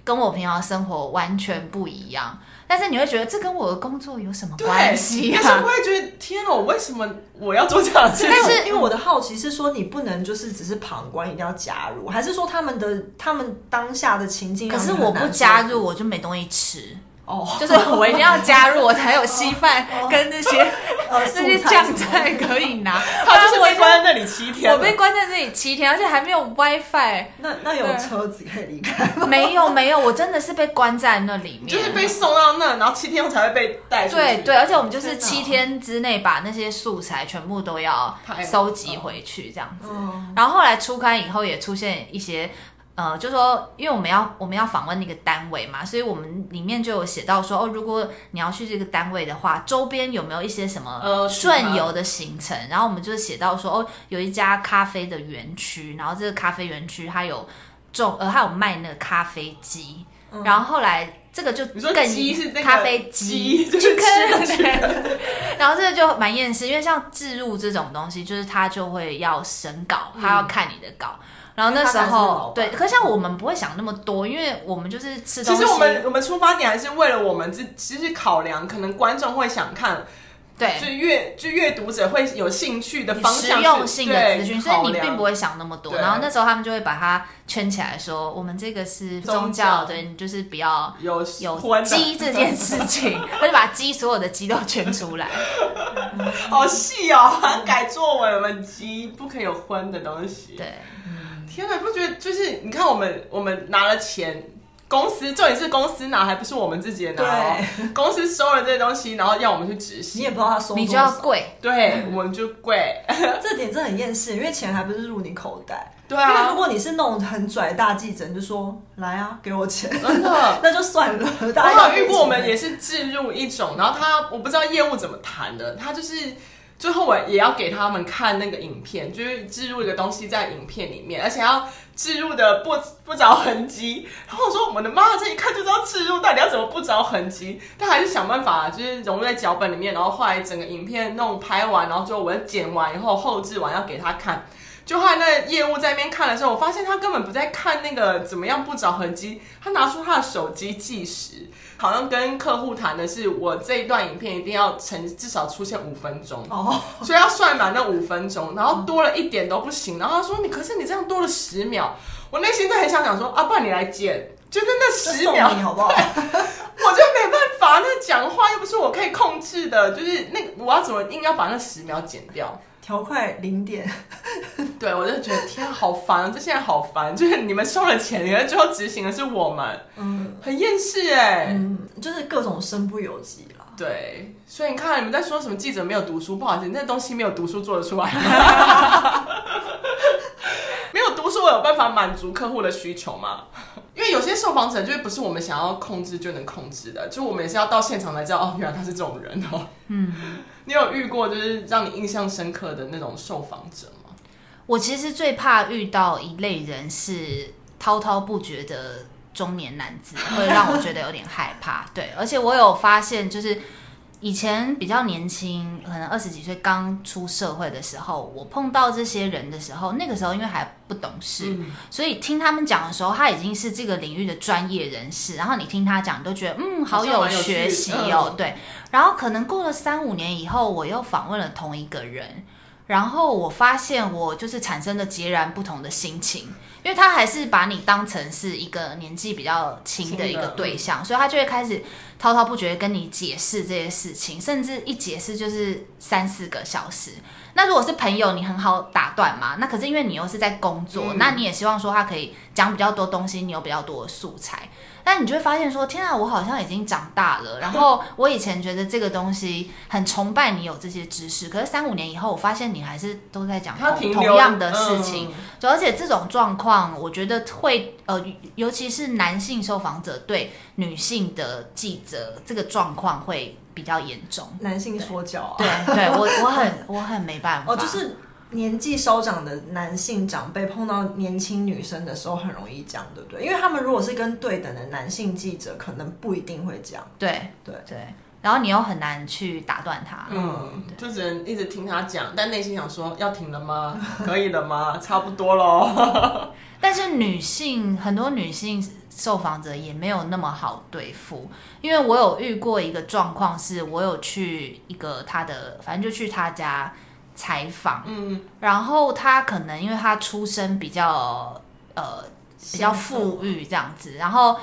跟我平常生活完全不一樣。但是你會覺得這跟我的工作有什麼關係啊？你是會覺得天哦，為什麼我要做這樣子？但是因為我的好奇是說，你不能就是只是旁觀，一定要加入，還是說他們的他們當下的情境？可是我不加入，我就沒東西吃。哦，oh, 就是我一定要加入，我才有稀飯跟那些那些醬菜可以拿。他就是被關在那裡七天 我，我被關在那裡七天，而且還沒有 WiFi。Fi, 那那有車子可以離開嗎？對 沒有沒有，我真的是被關在那裡面，就是被送到那，然後七天我才會被帶出去。對對，而且我們就是七天之內把那些素材全部都要收集回去，這樣子。Oh, um. 然後後來出刊以後也出現一些。呃，就說因為我們要我們要訪問那個單位嘛，所以我們裡面就有寫到說哦，如果你要去這個單位的話，周邊有沒有一些什麼呃順遊的行程？哦、然後我們就寫到說哦，有一家咖啡的園區，然後這個咖啡園區它有種呃，它有賣那個咖啡機，嗯、然後後來這個就更是個咖啡機，就去 然後這個就蠻厭世，因為像置入這種東西，就是他就會要審稿，他要看你的稿。嗯然後那時候，對，可是像我們不會想那麼多，因為我們就是吃東西。其實我們我們出發點還是為了我們是，其實考量，可能觀眾會想看，對，就閱就閱讀者會有興趣的方向，實用性的資訊，所以你並不會想那麼多。然後那時候他們就會把它圈起來，說我們這個是宗教，對，就是比較有有葷。雞這件事情，他就把雞所有的雞都圈出來，好細哦，好像改作文了，雞不可以有葷的東西，對。天吶，不覺得就是？你看，我們我們拿了錢，公司重點是公司拿，還不是我們自己拿，哦？對公司收了這些東西，然後要我們去執行，你也不知道他收多少。你就要貴，對，我們就貴。嗯、 這點真的很厭世，因為錢還不是入你口袋。對啊，因為如果你是那種很拽的大記者，你就說，來啊，給我錢， 那就算了。大有我有遇過，我們也是置入一種，然後他我不知道業務怎麼談的，他就是。最後我也要給他們看那個影片，就是置入一個東西在影片裡面，而且要置入的不不着痕跡。然後我說：“我的媽，這一看就知道置入，但你要怎麼不着痕跡？”他還是想辦法，就是融入在腳本裡面。然後後來整個影片弄拍完，然後最後我剪完以後後製完要給他看，就後來那個業務在那邊看的時候，我發現他根本不在看那個怎麼樣不着痕跡，他拿出他的手機計時。好像跟客戶談的是，我這一段影片一定要成至少出現五分鐘，oh. 所以要算滿那五分鐘，然後多了一點都不行。然後他說你，可是你這樣多了十秒，我內心都很想講說啊，不然你來剪，就那十秒，你好不好？我就沒辦法，那講話又不是我可以控制的，就是那我要怎麼硬要把那十秒剪掉？調快零點， 對，我就覺得天、啊、好煩，這現在好煩，就是你們收了錢，原來最後執行的是我們，嗯，很厭世哎、欸，嗯，就是各種身不由己。對，所以你看，你們在說什麼？記者沒有讀書不好意思，那東西沒有讀書做得出來。 沒有讀書，我有辦法滿足客戶的需求嗎？因為有些受訪者就是不是我們想要控制就能控制的，就我們也是要到現場才知道哦，原來他是這種人哦。嗯，你有遇過就是讓你印象深刻的那種受訪者嗎？我其實最怕遇到一類人是滔滔不絕的。中年男子會讓我覺得有點害怕， 對。而且我有發現，就是以前比較年輕，可能二十幾歲剛出社會的時候，我碰到這些人的時候，那個時候因為還不懂事，嗯、所以聽他們講的時候，他已經是這個領域的專業人士。然後你聽他講，都覺得嗯，好有學習哦，嗯、對。然後可能過了三五年以後，我又訪問了同一個人。然後我發現，我就是產生了截然不同的心情，因為他還是把你當成是一個年紀比較輕的一個對象，嗯、所以他就會開始滔滔不絕跟你解釋這些事情，甚至一解釋就是三四個小時。那如果是朋友，你很好打斷嘛？那可是因為你又是在工作，嗯、那你也希望說他可以講比較多東西，你有比較多的素材。但你就會發現說，天啊，我好像已經長大了。然後我以前覺得這個東西很崇拜，你有這些知識，可是三五年以後，我發現你還是都在講同、同樣的事情。嗯、就而且這種狀況，我覺得會呃，尤其是男性受訪者對女性的記者，這個狀況會比較嚴重。男性說教。啊？對對、對，我我很我很沒辦法。哦，就是。年紀稍長的男性長輩碰到年輕女生的時候，很容易講，對不對？因為他們如果是跟對等的男性記者，可能不一定會講。對對對，然後你又很難去打斷他，嗯，對就只能一直聽他講，但內心想說要停了嗎？可以了嗎？ 差不多咯。 」但是女性很多女性受訪者也沒有那麼好對付，因為我有遇過一個狀況，是我有去一個他的，反正就去他家。採訪，嗯，然後他可能因為他出身比較，呃，比較富裕這樣子，然後，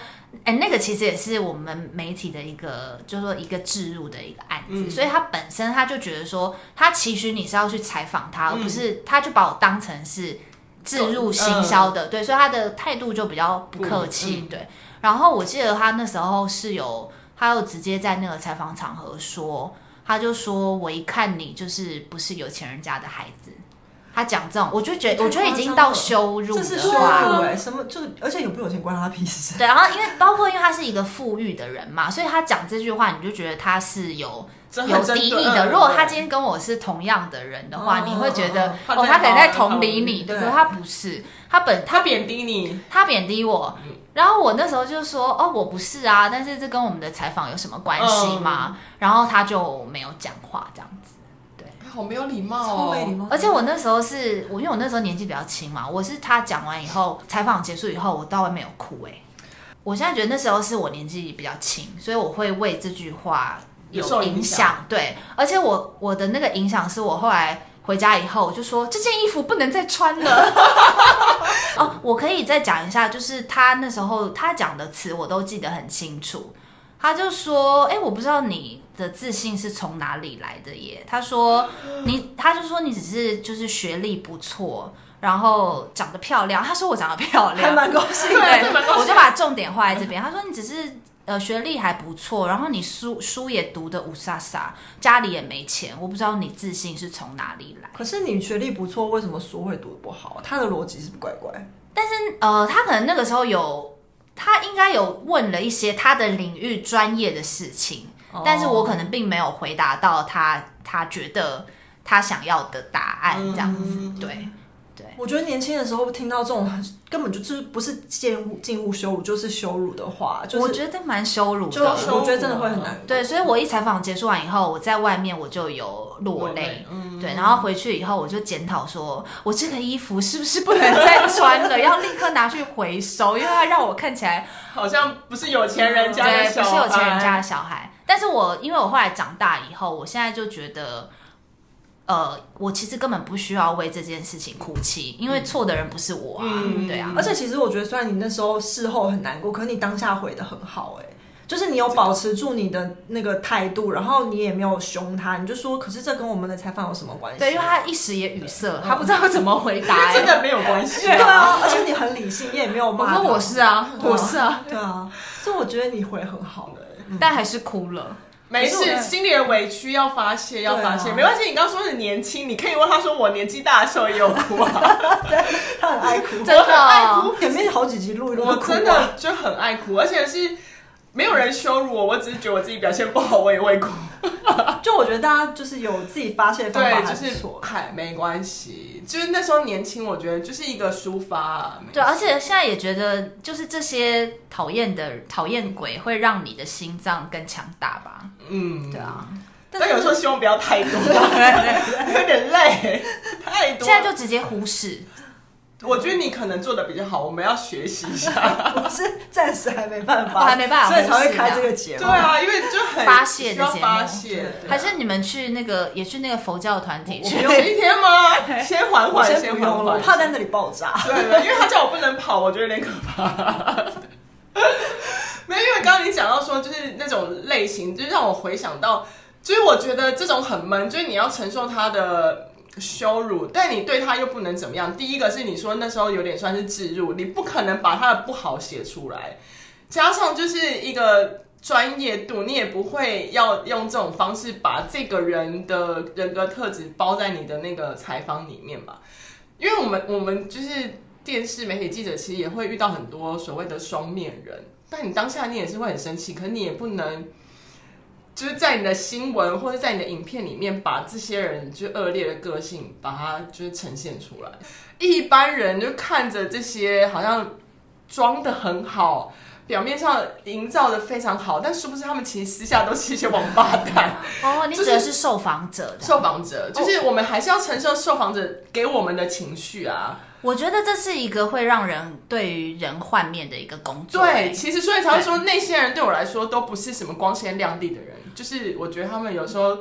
哎，那個其實也是我們媒體的一個，就是說一個置入的一個案子，嗯、所以他本身他就覺得說，他其實你是要去採訪他，嗯、而不是他就把我當成是置入行銷的，呃、對，所以他的態度就比較不客氣，嗯嗯、對。然後我記得他那時候是有，他又直接在那個採訪場合說。他就說：“我一看你就是不是有錢人家的孩子。”他講這種，我就覺得，我覺得已經到羞辱了。這是羞辱、欸，什麼？就而且有不有錢關他屁事。對，然後因為包括因為他是一個富裕的人嘛，所以他講這句話，你就覺得他是有有敵意的。真真的如果他今天跟我是同樣的人的話，對你會覺得哦，他可能、哦、在同理你，對不對？對他不是，他本他貶低你，他貶低我。然後我那時候就說：“哦，我不是啊，但是這跟我們的採訪有什麼關係嗎？” um, 然後他就沒有講話，這樣子。對、欸，好沒有禮貌哦，沒禮貌，而且我那時候是我，因為我那時候年紀比較輕嘛，我是他講完以後，採訪結束以後，我到外面有哭、欸。哎，我現在覺得那時候是我年紀比較輕，所以我會為這句話有影響。影響對，而且我我的那個影響是我後來回家以後我就說：“這件衣服不能再穿了。” 可以再講一下，就是他那時候他講的詞我都記得很清楚。他就說：“哎、欸，我不知道你的自信是從哪裡來的耶。”他說：“你，他就說你只是就是學歷不錯，然後長得漂亮。”他說：“我長得漂亮，還蠻高興的。”對，我就把重點畫在這邊。他說：“你只是呃學歷還不錯，然後你書書也讀得霧煞煞，家裡也沒錢。我不知道你自信是從哪裡來。”可是你學歷不錯，為什麼書會讀得不好？他的邏輯是不是怪怪？但是，呃，他可能那個時候有，他應該有問了一些他的領域專業的事情，oh. 但是我可能並沒有回答到他，他覺得他想要的答案這樣子，mm hmm. 對。我覺得年輕的時候聽到這種根本就是不是盡盡物羞辱就是羞辱的話，就是我覺得蠻羞辱的。就我覺得真的會很難過，對，所以我一採訪結束完以後，我在外面我就有落淚。嗯、對，然後回去以後我就檢討說，嗯、我這個衣服是不是不能再穿了 要立刻拿去回收，因為它讓我看起來好像不是有錢人家的小孩，對，不是有錢人家的小孩。但是我因為我後來長大以後，我現在就覺得。呃，我其實根本不需要為這件事情哭泣，因為錯的人不是我啊，嗯、對啊。而且其實我覺得，雖然你那時候事後很難過，可是你當下回得很好，欸，哎，就是你有保持住你的那個態度，然後你也沒有兇他，你就說，可是這跟我們的採訪有什麼關係？對，因為他一時也語塞，對他不知道怎麼回答，欸。 真的沒有關係， 對啊。而且你很理性，你 也沒有罵。我說我是啊，啊我是啊，對啊。所以我覺得你回很好的，欸 嗯、但還是哭了。沒事，心裡的委屈要發洩，要發洩，對啊、沒關係。你剛說你年輕，你可以問他說：“我年紀大的時候也有哭啊。” 他很愛哭，真的、哦、很愛哭，前面好幾集錄一錄，我真的就很愛哭，而且是沒有人羞辱我，我只是覺得我自己表現不好，我也會哭。 就我覺得大家就是有自己發洩的方法，還對，就是嗨沒關係，就是那時候年輕，我覺得就是一個抒發、啊。對，而且現在也覺得，就是這些討厭的討厭鬼，會讓你的心臟更強大吧。嗯，對啊，但，是但有時候希望不要太多， 對對對 有點累，太多。現在就直接忽視。我覺得你可能做得比較好，我們要學習一下。我是暫時還沒辦法，我還沒辦法，所以才會開這個節目。對啊，因為就很需要發洩，發洩的節目。還是你們去那個，也去那個佛教團體去每一天嗎？先緩緩，先不用了，我怕在那裡爆炸。對對，因為他叫我不能跑，我覺得有點可怕。沒有，因為剛剛你講到說，就是那種類型，就讓我回想到，就是我覺得這種很悶，就是你要承受他的。羞辱，但你對他又不能怎麼樣。第一個是你說那時候有點算是置入，你不可能把他的不好寫出來，加上就是一個專業度，你也不會要用這種方式把這個人的人格特質包在你的那個採訪裡面嘛。因為我們我們就是電視媒體記者，其實也會遇到很多所謂的雙面人，但你當下你也是會很生氣，可你也不能。就是在你的新聞或者在你的影片裡面，把這些人就惡劣的個性，把它就是呈現出來。一般人就看着這些好像裝的很好，表面上營造的非常好，但是不是他們其實私下都是一些王八蛋？哦，你指的是受訪者的，受訪者就是我們還是要承受受訪者給我們的情緒啊。我覺得這是一個會讓人對於人換面的一個工作，欸。對，其實所以才會說、嗯、那些人對我來說都不是什麼光鮮亮麗的人，就是我覺得他們有時候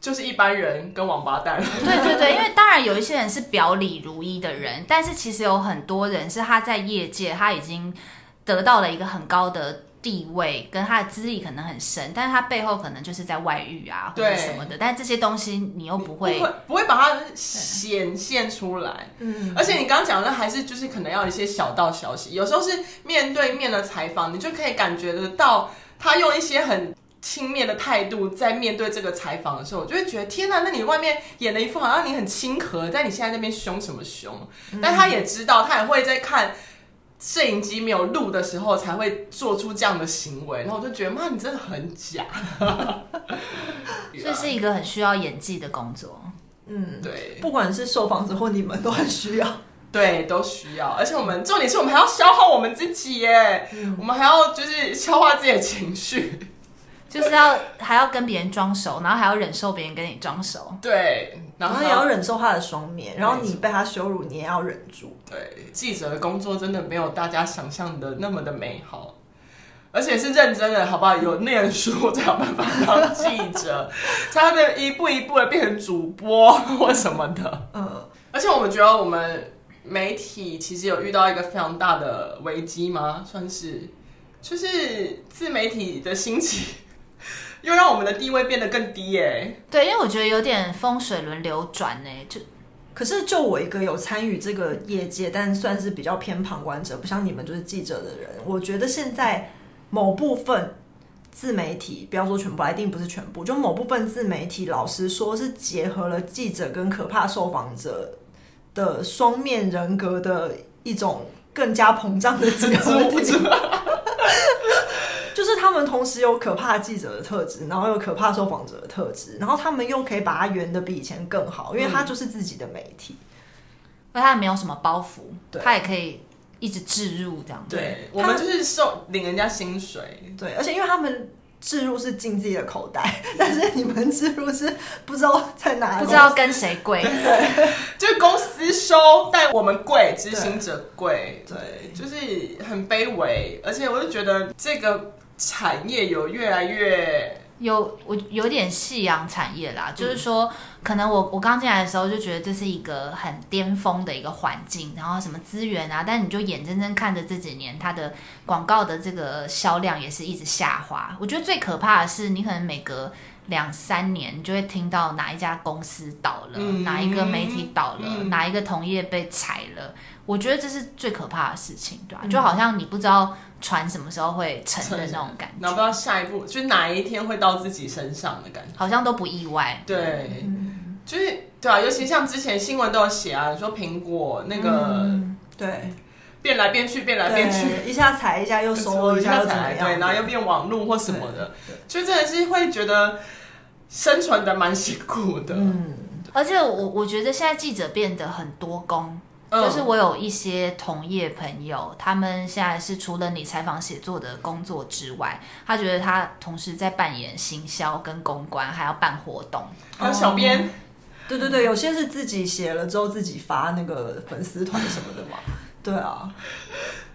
就是一般人跟王八蛋。對對對， 因為當然有一些人是表裡如一的人，但是其實有很多人是他在業界他已經得到了一個很高的。地位跟他的資歷可能很深，但是他背後可能就是在外遇啊，或者什麼的。對但是這些東西你又不會不會，不會把它顯現出來。嗯對，而且你剛剛講的還是就是可能要一些小道消息。有時候是面對面的採訪，你就可以感覺得到他用一些很輕蔑的態度在面對這個採訪的時候，我就會覺得天哪，啊，那你外面演了一副好像你很親和，但你現在那邊凶什麼凶？嗯，但他也知道，他也會在看。攝影機沒有錄的時候才會做出這樣的行為，然後我就覺得，媽，你真的很假。這 是一個很需要演技的工作，嗯，對，不管是受訪者或你們都很需要，對，都需要。而且我們重點是我們還要消耗我們自己耶，我們還要就是消化自己的情緒。就是要還要跟別人裝熟，然後還要忍受別人跟你裝熟，對，然後，然後也要忍受他的雙面，然後你被他羞辱，你也要忍住。對，記者的工作真的沒有大家想象的那麼的美好，而且是認真的，好不好？有念書才有辦法當記者， 才能一步一步的變成主播或什麼的。嗯，而且我們覺得我們媒體其實有遇到一個非常大的危機嗎？算是，就是自媒體的興起。又讓我們的地位變得更低耶、欸？對，因為我覺得有點風水輪流轉呢、欸。就，可是就我一個有參與這個業界，但算是比較偏旁觀者，不像你們就是記者的人。我覺得現在某部分自媒體，不要說全部來，一定不是全部，就某部分自媒體，老實說是結合了記者跟可怕受訪者的雙面人格的一種更加膨脹的記者。知 就是他們同時有可怕記者的特質，然後有可怕受訪者的特質，然後他們又可以把它圓的比以前更好，因為他就是自己的媒體，那他也沒有什麼包袱，對他也可以一直置入這樣子。對，他我們就是受領人家薪水，對，而且因為他們置入是進自己的口袋，嗯、但是你們置入是不知道在哪裡，不知道跟誰跪，對對就公司收，但我們跪，執行者跪，對，就是很卑微，而且我就覺得這個。產業有越來越有，我有點夕陽產業啦。嗯、就是說，可能我我剛進來的時候就覺得這是一個很巔峰的一個環境，然後什麼資源啊，但你就眼睜睜看着這幾年它的廣告的這個銷量也是一直下滑。我覺得最可怕的是，你可能每隔。兩三年就會聽到哪一家公司倒了，嗯、哪一個媒體倒了，嗯、哪一個同業被裁了，嗯、我覺得這是最可怕的事情，對吧？嗯、就好像你不知道船什麼時候會沉的那種感覺，不知道下一步就哪一天會到自己身上的感覺，好像都不意外。對，就是對啊，尤其像之前新聞都有寫啊，說說蘋果那個，嗯、對。變來變去，變來變去，一下踩一下又收，就是、一下踩，對，然後又變網絡或什麼的，所以真的是會覺得生存得蠻辛苦的。嗯，對而且我我覺得現在記者變得很多工，嗯、就是我有一些同業朋友，嗯、他們現在是除了你採訪寫作的工作之外，他覺得他同時在扮演行銷跟公關，還要辦活動，還有、嗯、小編、嗯。對對對，有些是自己寫了之後自己發那個粉絲團什麼的嘛。 對啊，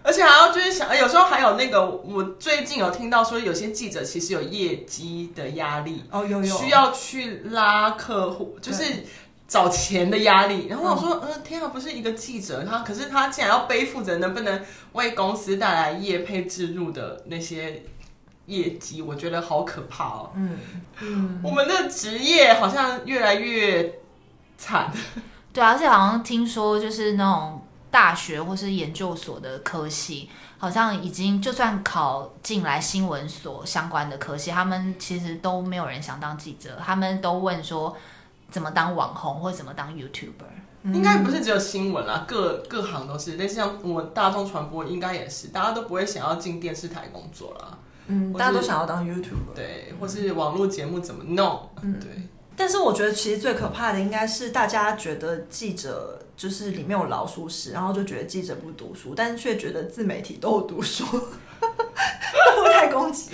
而且還要就是想，有時候還有那個，我最近有聽到說，有些記者其實有業績的壓力哦，有有需要去拉客戶，對就是找錢的壓力。然後我說，嗯、哦呃，天啊，不是一個記者，他可是他竟然要背負着能不能為公司帶來業配置入的那些業績，我覺得好可怕哦。嗯，嗯，我們的職業好像越來越慘。對啊，而且好像聽說就是那種。大學或是研究所的科系，好像已經就算考進來新聞所相關的科系，他們其實都沒有人想當記者，他們都問說怎麼當網紅或怎麼當 YouTuber。應該不是只有新聞啦，各各行都是，類似像我大眾傳播應該也是，大家都不會想要進電視台工作啦。嗯，大家都是想要當 YouTuber。對，或是網絡節目怎麼弄？嗯，no, 對。嗯但是我覺得，其實最可怕的應該是大家覺得記者就是裡面有老鼠屎，然後就覺得記者不讀書，但卻覺得自媒體都有讀書， 都不太攻擊。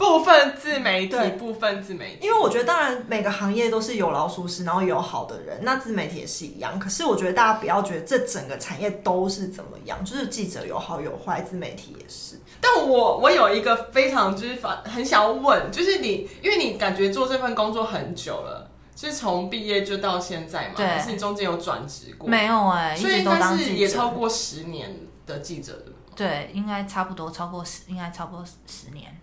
部分自媒體對部分自媒體。因為我覺得當然每個行業都是有老鼠屎，然後有好的人，那自媒體也是一樣。可是我覺得大家不要覺得這整個產業都是怎麼樣，就是記者有好有壞，自媒體也是。但我我有一個非常就是反很想問，就是你，因為你感覺做這份工作很久了，是從畢業就到現在嘛，可對是你中間有轉職過沒有？哎、欸、一直都當記者。所以應該是也超過十年的記者的，對，應該差不多超過十，應該超過十年。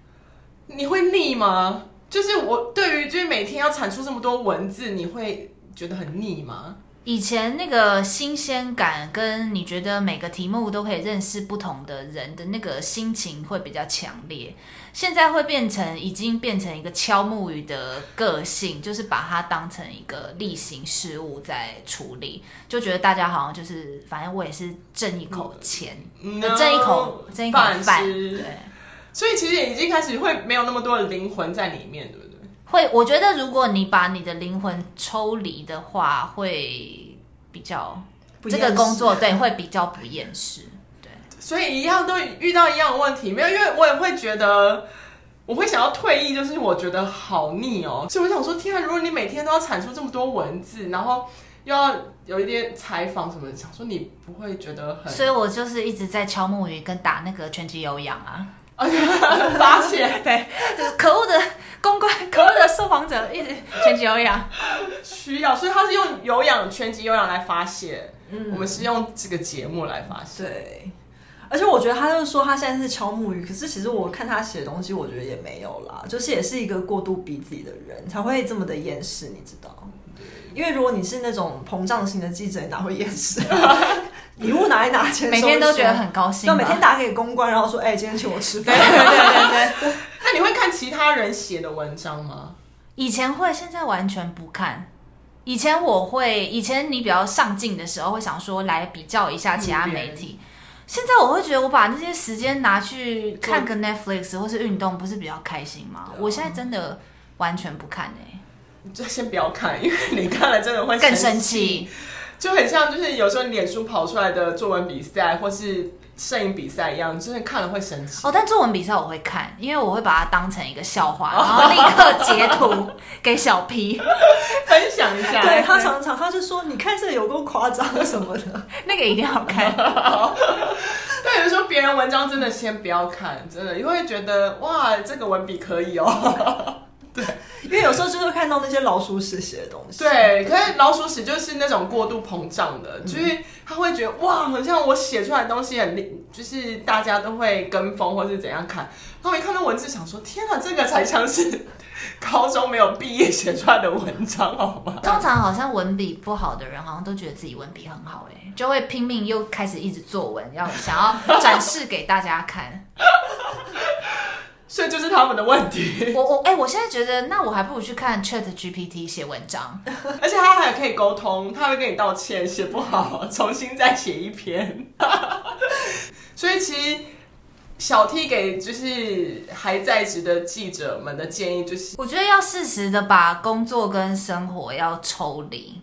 你會膩嗎？就是我對於就是每天要產出這麼多文字，你會覺得很膩嗎？以前那個新鮮感，跟你覺得每個題目都可以認識不同的人的那個心情會比較強烈，現在會變成已經變成一個敲木魚的個性，就是把它當成一個例行事務在處理，就覺得大家好像就是，反正我也是掙一口錢，no, 掙一口掙一口飯，事對。所以其實已經開始會沒有那麼多靈魂在裡面，對不對？會，我覺得如果你把你的靈魂抽離的話，會比較不厭世，這個工作，對，會比較不厭世。對，所以一樣都遇到一樣的問題，沒有，因為我也會覺得我會想要退役，就是我覺得好膩哦、喔。所以我想說，天啊，如果你每天都要產出這麼多文字，然後又要有一點採訪什麼，想說你不會覺得很？所以我就是一直在敲木魚跟打那個拳擊有氧啊。 發洩 洩， 對，就是、可惡的公關，可惡的受訪者一直拳擊有氧， 需要，所以他是用有氧拳擊有氧來發洩。嗯，我們是用這個節目來發洩。對，而且我覺得他就是說他現在是敲木魚，可是其實我看他寫的東西，我覺得也沒有啦，就是也是一個過度逼自己的人才會這麼的厭世，你知道？因為如果你是那種膨脹型的記者，你哪會厭世、啊？ 禮物拿一拿錢錢，每天都覺得很高興。每天打給公關，然後說：“哎、欸，今天請我吃飯。” 對對對那 對你會看其他人寫的文章嗎？以前會，現在完全不看。以前我會，以前你比較上進的時候，會想說來比較一下其他媒體。緣現在我會覺得，我把那些時間拿去看個 Netflix 或是運動，不是比較開心嗎？啊、我現在真的完全不看哎、欸。你就先不要看，因為你看了真的會更生氣。就很像，就是有時候臉書跑出來的作文比賽或是攝影比賽一樣，就是看了會生氣哦。但作文比賽我會看，因為我會把它當成一個笑話，然後立刻截圖給小 P 分享一下。 看對，對他常常他就說：“你看這個有多誇張什麼的。”那個一定要看。但有時候別人文章真的先不要看，真的因為覺得哇，這個文筆可以哦。 因為有時候就會看到那些老鼠屎寫的東西，對，對可是老鼠屎就是那種過度膨脹的，嗯、就是他會覺得哇，好像我寫出來的東西很，就是大家都會跟風或是怎樣看，然後一看到文字想說，天啊，這個才像是高中沒有畢業寫出來的文章好嗎？通常好像文筆不好的人，好像都覺得自己文筆很好哎、欸，就會拼命又開始一直作文， 要想要展示給大家看。 所以就是他們的問題。我我哎、欸，我現在覺得，那我還不如去看 Chat GPT 寫文章，而且他還可以溝通，他會跟你道歉，寫不好重新再寫一篇。 所以其實小 T 給就是還在職的記者們的建議就是，我覺得要適時的把工作跟生活要抽離。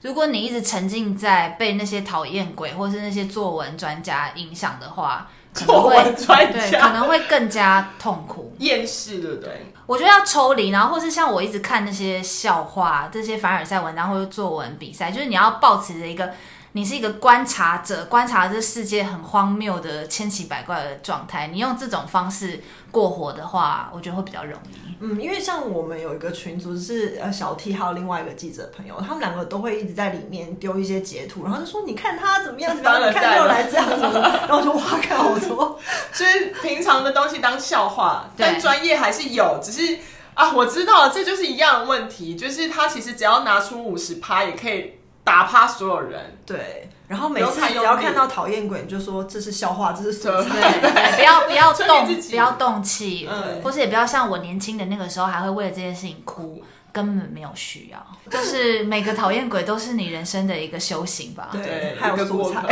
如果你一直沉浸在被那些討厭鬼或是那些作文專家影響的話，可能作文會？對，可能會更加痛苦厭世，對不對？對，我覺得要抽離，然後或是像我一直看那些笑話、這些凡爾賽文章或者作文比賽，就是你要保持着一個。你是一個觀察者，觀察這世界很荒謬的千奇百怪的狀態。你用這種方式過活的話，我覺得會比較容易。嗯，因為像我們有一個群組是呃小 T 還有另外一個記者朋友，他們兩個都會一直在裡面丟一些截圖，然後就說你看他怎麼樣，你看又來這樣子，然後就挖開好多， 所以平常的東西當笑話，但專業還是有。只是啊，我知道這就是一樣的問題，就是他其實只要拿出五十趴也可以，打趴所有人，對。然後每次只要看到討厭鬼，你就說這是笑話，這是素材。不要不要動，不要動氣，嗯。或是也不要像我年輕的那個時候，還會為了這件事情哭，根本沒有需要。就是每個討厭鬼都是你人生的一個修行吧，對，一個素材。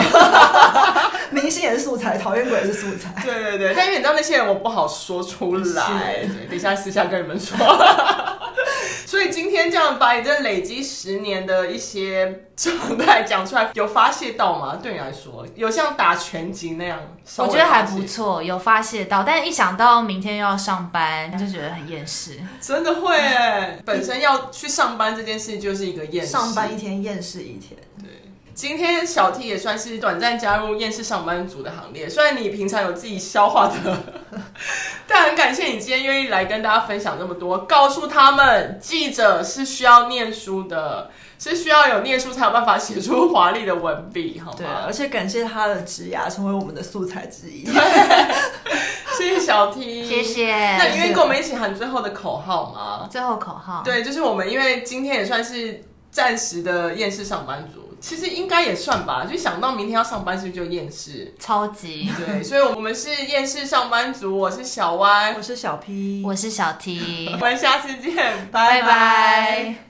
明星也是素材，討厭鬼也是素材。對對對，但因為你知道那些人，我不好說出來，等一下私下跟你們說。所以今天這樣把你這累積十年的一些狀態講出來，有發洩到嗎？對你來說，有像打拳擊那樣？我覺得還不錯，有發洩到，但是一想到明天又要上班，就覺得很厭世。 真的會哎，本身要去上班這件事就是一個厭世，上班一天厭世一天。今天小 T 也算是短暫加入厭世上班族的行列。雖然你平常有自己消化的，但很感謝你今天願意來跟大家分享這麼多，告訴他們記者是需要念書的，是需要有念書才有辦法寫出華麗的文筆，好嗎？對，而且感謝他的直言成為我們的素材之一。謝謝小 T，謝謝。那你願意跟我們一起喊最後的口號嗎？最後口號，對，就是我們因為今天也算是暫時的厭世上班族。其實應該也算吧，就想到明天要上班，是不是就厭世？超級對，所以，我們是厭世上班族，我是小 Y，我是小 P，我是小 T， 我們下次見，拜拜。拜拜